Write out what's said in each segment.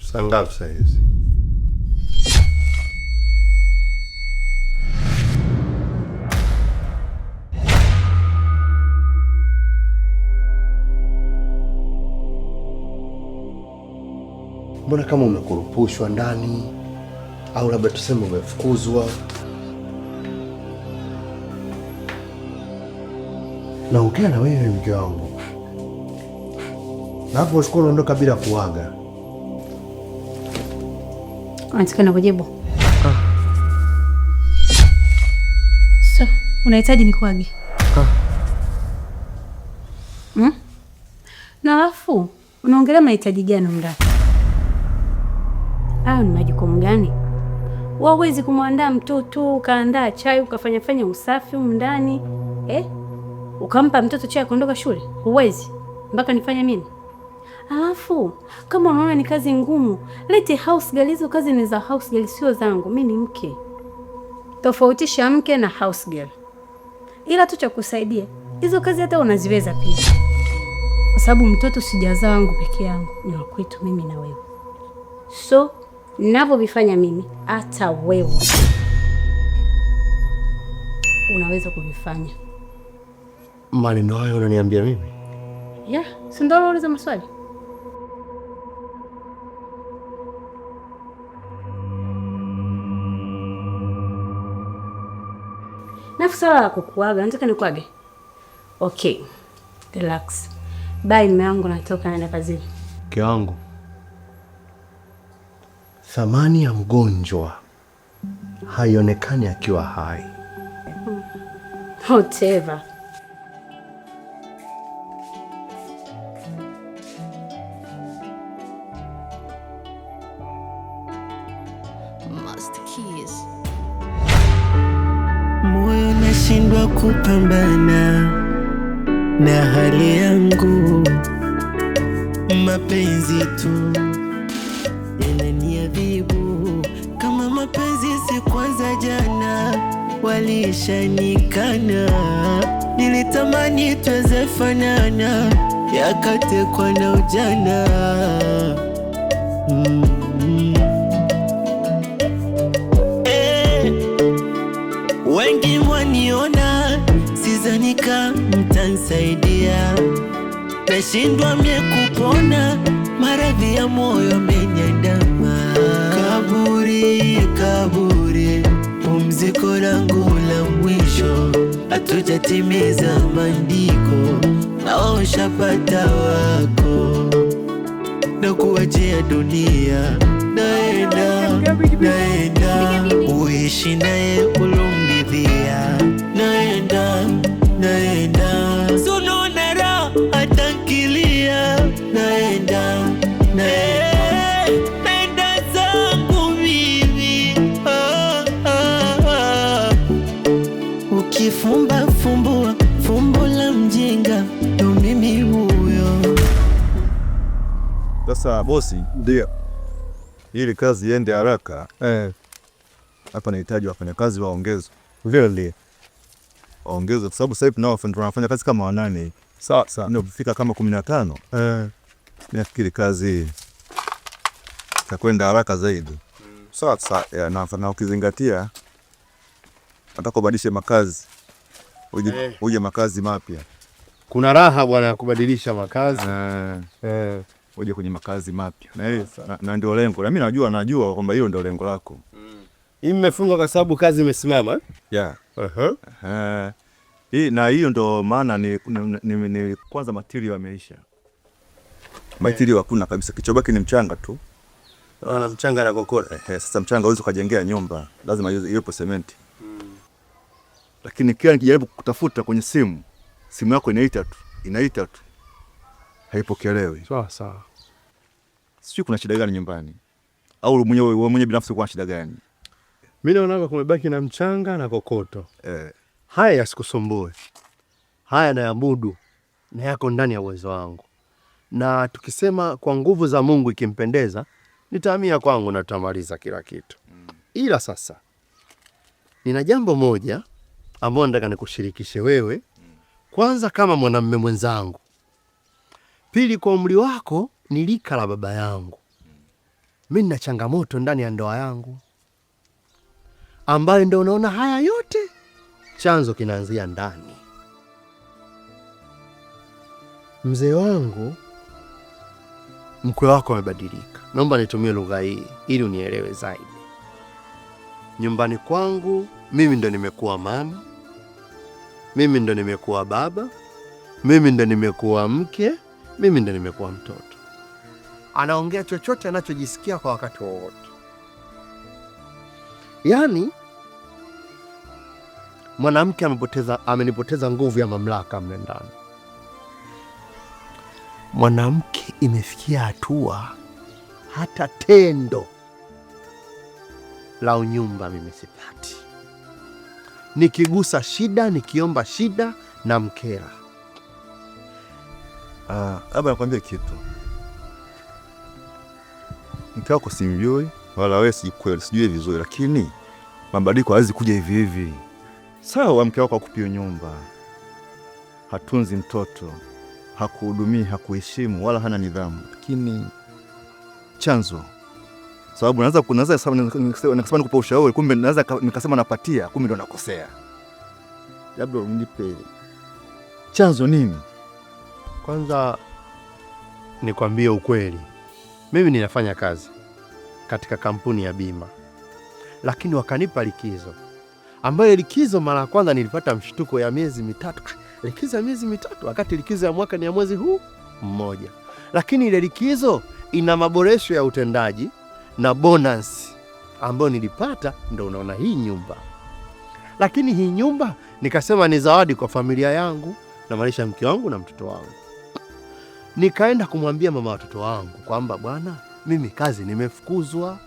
Saa ngapi Mbona kama umekurupushwa ndani, au labda tuseme umefukuzwa. naongea na wewe mke wangu, alafu usiku unaondoka bila kuaga. Unataka nikujibu? Ah. So, unahitaji nikuage? Ah. Hmm? Na alafu unaongelea mahitaji gani mndani? Hayo ni majukumu gani? Wawezi kumwandaa mtoto ukaandaa chai ukafanyafanya usafi umndani eh? ukampa mtoto chai kuondoka shule? Huwezi mpaka nifanye mimi. Alafu kama unaona ni kazi ngumu, lete house girl. Hizo kazi ni za house girl, sio zangu. Mimi ni mke. Tofautisha mke na house girl. Ila tu cha kusaidia hizo kazi hata unaziweza pia, kwa sababu mtoto sijazaa wangu peke yangu, ni kwetu mimi na wewe, so ninavyovifanya mimi hata wewe unaweza kuvifanya. Maneno hayo unaniambia mimi? Yeah, si ndio unauliza maswali. Nafu swala la kukuaga, nataka nikuage. Okay. Relax. Bye, mume wangu, natoka naenda kazini. Mke wangu, thamani ya mgonjwa haionekani akiwa hai. Whatever. kupambana na hali yangu, mapenzi tu yananiadhibu. Kama mapenzi si kwanza, jana walishanikana, nilitamani tuweze fanana, yakatekwa na ujana mm. nika mtansaidia, nashindwa mie kupona, maradhi ya moyo menyandama. Kaburi, kaburi, pumziko langu la mwisho, hatujatimiza maandiko, naoshapata wako na kuachia dunia, naenda naenda, uishi naye naenda, naenda Ukifumba fumbua fumbo la mjinga ndo mimi huyo. Sasa bosi, ndio ili kazi iende haraka hapa eh, hapa nahitaji wafanyakazi waongezwe, really waongezwe, kwa sababu sasa hivi nao tunafanya kazi kama wanane, sawa sawa, ndio kufika kama kumi na tano. Eh, nafikiri kazi takwenda haraka zaidi. Sawa sawa, eh, na ukizingatia nataka ubadilishe makazi uje eh. uje makazi mapya. Kuna raha bwana ya kubadilisha makazi eh. Eh. uje kwenye makazi mapya na, eh, na ndio lengo na mimi najua najua kwamba hilo ndio lengo lako. Mm. Hii mmefungwa kwa sababu kazi imesimama yeah. uh eh. -huh. uh, hii na hiyo ndio maana ni, ni, ni, ni ni kwanza matirio yameisha matirio hakuna kabisa, kichobaki ni mchanga tu na mchanga na kokora. Eh, sasa mchanga uweze kujengea nyumba, lazima iwepo sementi lakini kila nikijaribu kutafuta kwenye simu, simu yako inaita tu inaita tu, haipokelewi. Sawa sawa, sijui kuna shida gani nyumbani, au mwenyewe mwenyewe binafsi kuna shida gani? Mimi naona kumebaki na mchanga na kokoto eh. Haya yasikusumbue, haya nayamudu na yako ndani ya uwezo wangu, na tukisema kwa nguvu za Mungu ikimpendeza, nitahamia kwangu na tutamaliza kila kitu, mm. ila sasa nina jambo moja ambayo nataka nikushirikishe wewe, kwanza kama mwanamume mwenzangu, pili kwa umri wako ni lika la baba yangu. Mi nina changamoto ndani ya ndoa yangu ambayo ndo unaona haya yote chanzo kinaanzia ndani. Mzee wangu, mkwe wako amebadilika. Naomba nitumie lugha hii ili unielewe zaidi. Nyumbani kwangu mimi ndo nimekuwa mama, mimi ndo nimekuwa baba, mimi ndo nimekuwa mke, mimi ndo nimekuwa mtoto. Anaongea chochote anachojisikia kwa wakati wowote. Yaani mwanamke amepoteza, amenipoteza nguvu ya mamlaka mle ndani. Mwanamke imefikia hatua hata tendo la unyumba mimi sipati nikigusa shida, nikiomba shida na mkera. Ah, labda nakwambia kitu, mke wako simjui wala wewe sikweli, sijui vizuri, lakini mabadiliko hawezi kuja hivi hivi. Sawa, mke wako hakupia nyumba, hatunzi mtoto, hakuhudumii, hakuheshimu wala hana nidhamu, lakini chanzo sababu naweza nikasema nikupa ushauri, kumbe naweza nikasema napatia, kumbe ndo nakosea. Labda unipe chanzo nini? Kwanza nikwambie ukweli, mimi ninafanya kazi katika kampuni ya bima, lakini wakanipa likizo, ambayo likizo mara ya kwanza nilipata mshtuko ya miezi mitatu. Ah, likizo ya miezi mitatu, wakati likizo ya mwaka ni ya mwezi huu mmoja. Lakini ile likizo ina maboresho ya utendaji na bonus ambayo nilipata, ndo unaona hii nyumba. Lakini hii nyumba nikasema ni zawadi kwa familia yangu na maisha mke wangu na mtoto wangu. Nikaenda kumwambia mama watoto wangu kwamba bwana, mimi kazi nimefukuzwa,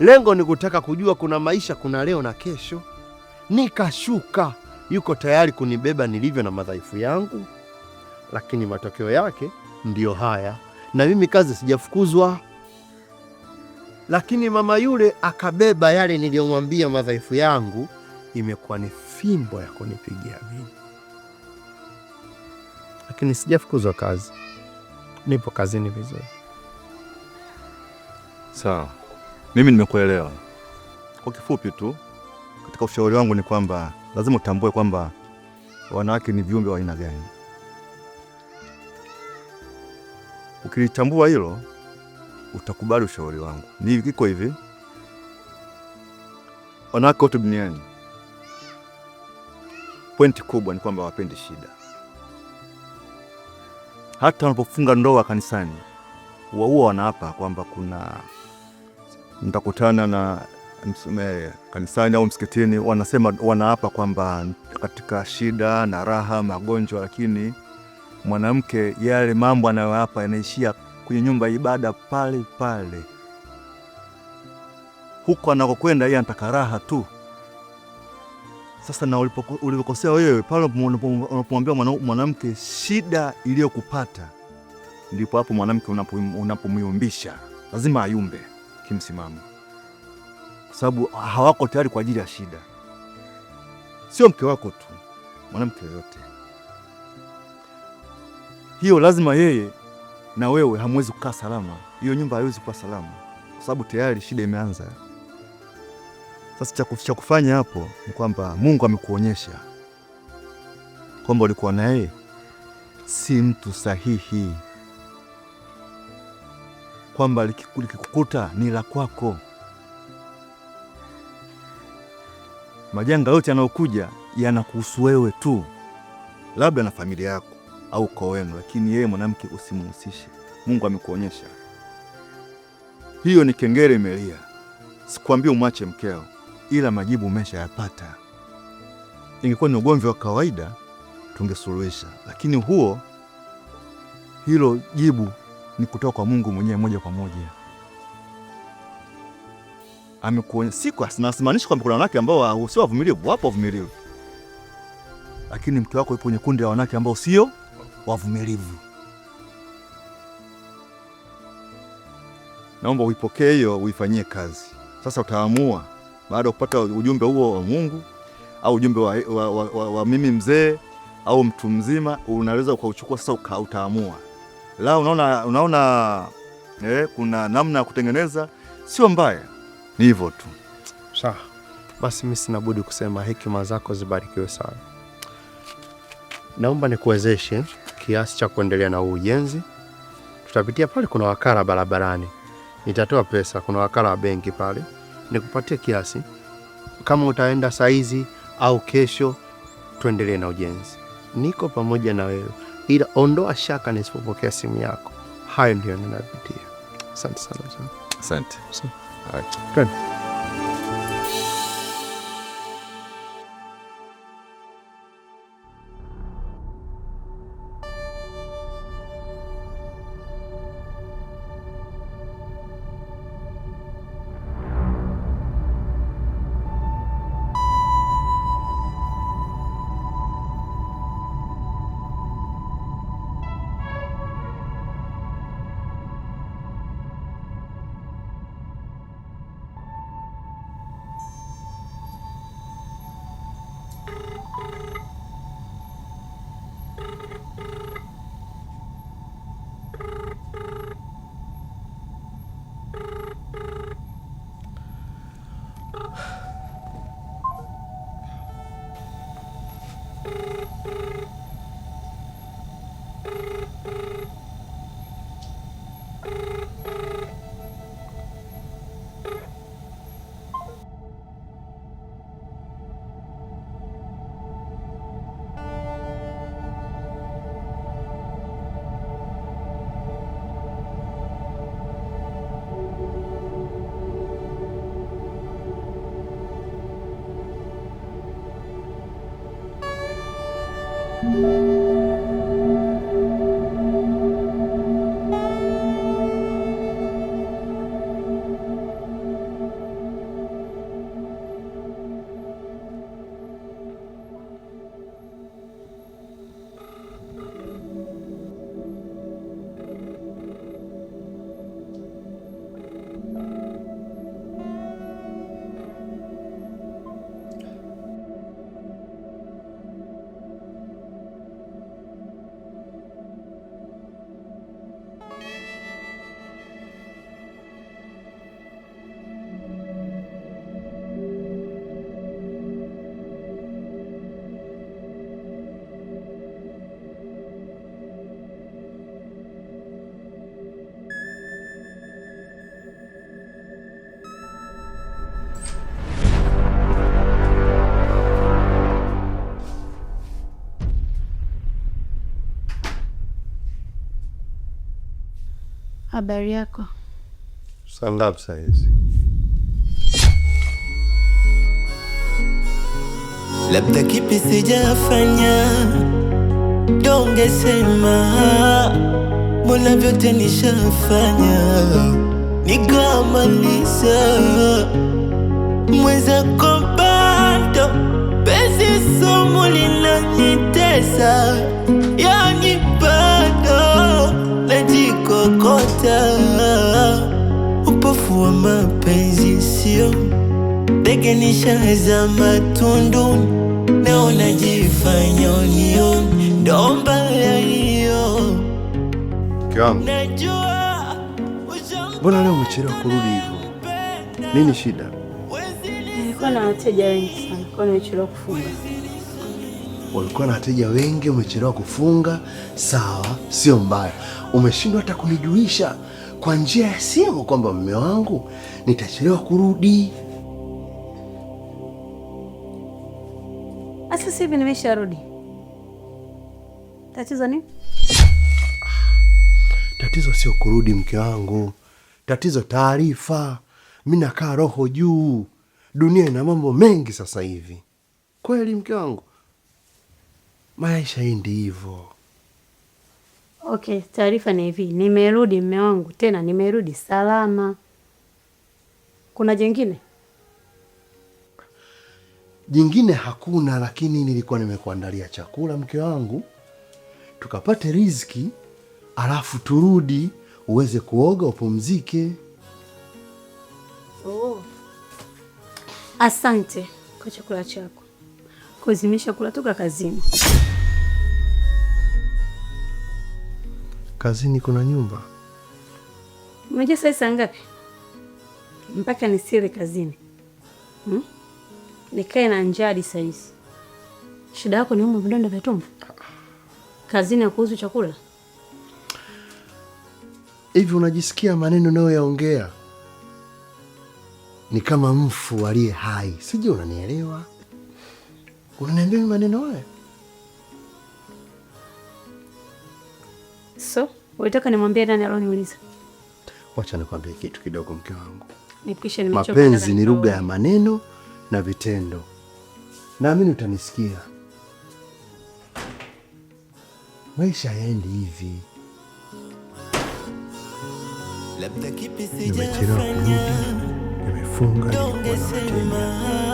lengo ni kutaka kujua kuna maisha, kuna leo na kesho. Nikashuka, yuko tayari kunibeba nilivyo na madhaifu yangu, lakini matokeo yake ndiyo haya, na mimi kazi sijafukuzwa. Lakini mama yule akabeba yale niliyomwambia madhaifu yangu, imekuwa ni fimbo ya kunipigia mimi. Lakini sijafukuzwa kazi, nipo kazini vizuri. Sawa, mimi nimekuelewa. Kwa kifupi tu, katika ushauri wangu ni kwamba lazima utambue kwamba wanawake ni viumbe wa aina gani. Ukilitambua hilo utakubali ushauri wangu. Ni kiko hivi, wanawake wote duniani, pointi kubwa ni kwamba wapendi shida. Hata wanapofunga ndoa kanisani, huwa wanaapa kwamba kuna nitakutana na msume kanisani au msikitini, wanasema wanaapa kwamba katika shida na raha, magonjwa, lakini mwanamke yale mambo anayoapa yanaishia kwenye nyumba ya ibada pale pale. Huko anakokwenda yeye anataka raha tu. Sasa na ulivyokosea wewe pale unapomwambia mwanamke shida iliyokupata, ndipo hapo mwanamke unapomyumbisha, lazima ayumbe kimsimamo, kwa sababu hawako tayari kwa ajili ya shida. Sio mke wako tu, mwanamke yoyote hiyo, lazima yeye na wewe hamwezi kukaa salama. Hiyo nyumba haiwezi kuwa salama kwa sababu tayari shida imeanza. Sasa cha kufanya hapo ni kwamba Mungu amekuonyesha kwamba ulikuwa naye si mtu sahihi, kwamba likikukuta ni la kwako. Majanga yote yanayokuja yanakuhusu wewe tu, labda na familia yako au ukoo wenu, lakini yeye mwanamke usimhusishe. Mungu amekuonyesha hiyo ni kengele imelia. Sikwambia umwache mkeo, ila majibu umeshayapata. Ingekuwa ni ugomvi wa kawaida tungesuluhisha, lakini huo, hilo jibu ni kutoka kwa Mungu mwenyewe moja kwa moja. Amekuonyesha. Sinasimaanishi kwamba kuna wanawake ambao sio wavumilivu, wapo wavumilivu, lakini mke wako yupo kwenye kundi la wanawake ambao sio wavumilivu. Naomba uipokee hiyo, uifanyie kazi. Sasa utaamua baada ya kupata ujumbe huo wa Mungu au ujumbe wa, wa, wa, wa, wa mimi mzee au mtu mzima, unaweza ukauchukua sasa, utaamua la unaona, unaona eh, kuna namna ya kutengeneza, sio mbaya, ni hivyo tu. Sawa basi, mimi sina budi kusema hekima zako zibarikiwe sana. Naomba nikuwezeshe kiasi cha kuendelea na ujenzi. Tutapitia pale, kuna wakala barabarani, nitatoa pesa, kuna wakala wa benki pale, nikupatie kiasi. Kama utaenda saizi au kesho, tuendelee na ujenzi. Niko pamoja na wewe, ila ondoa shaka nisipopokea simu yako. Hayo ndio ninapitia. Asante sana. Asante. Asante. you Thank you. Habari yako? Saa ngapi hizi? Labda kipi sijafanya, donge sema, mbona vyote nishafanya, nikamaliza mweza bado, pesi somo linanitesa yeah. kabisa. Upofu wa mapenzi sio ndege, ni matundu na unajifanya unio, ndo mbaya hiyo. Mbona leo umechelewa kurudi hivyo? Nini shida? Nilikuwa na wateja wengi sana, kwa nimechelewa kufunga ulikuwa na wateja wengi, umechelewa kufunga, sawa, sio mbaya. Umeshindwa hata kunijulisha kwa njia ya simu kwamba mme wangu nitachelewa kurudi. Sasa hivi nimesharudi. Tatizo nini? Tatizo sio kurudi, mke wangu. Tatizo taarifa. Mi nakaa roho juu, dunia ina mambo mengi sasa hivi. Kweli mke wangu maisha hii ndivyo. Okay, taarifa ni hivi, nimerudi mme wangu, tena nimerudi salama. Kuna jingine jingine? Hakuna, lakini nilikuwa nimekuandalia chakula mke wangu, tukapate riziki, alafu turudi uweze kuoga upumzike. Oh, asante kwa chakula chako kuzimisha kula toka kazini. Kazini kuna nyumba. Unajua sasa saa ngapi mpaka nisile kazini hmm? Nikae na njaa hadi saa hizi. Shida yako ni umu vidonda vya tumbo. Kazini ya chakula hivi. Unajisikia maneno yaongea ni kama mfu aliye hai, sijui unanielewa? Unaniambia maneno haya? So, unataka nimwambie nani aloniuliza? Wacha nikwambie kitu kidogo mke wangu. Nipikishe nimechoka. Mapenzi ni lugha ya maneno na vitendo. Naamini utanisikia. Maisha yaendi hivi. Labda kipi sijafanya. Nimefunga ndio kwa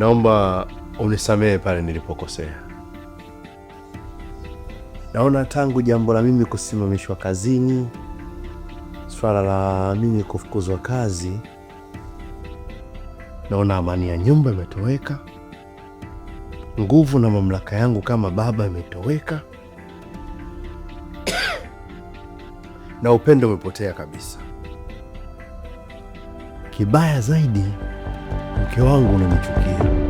Naomba unisamehe pale nilipokosea. Naona tangu jambo la mimi kusimamishwa kazini, swala la mimi kufukuzwa kazi, naona amani ya nyumba imetoweka, nguvu na mamlaka yangu kama baba imetoweka na upendo umepotea kabisa. Kibaya zaidi mke wangu unanichukia.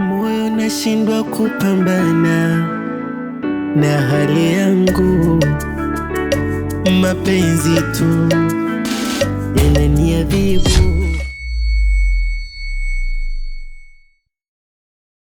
Moyo nashindwa kupambana na hali yangu, mapenzi tu yananiadhibu.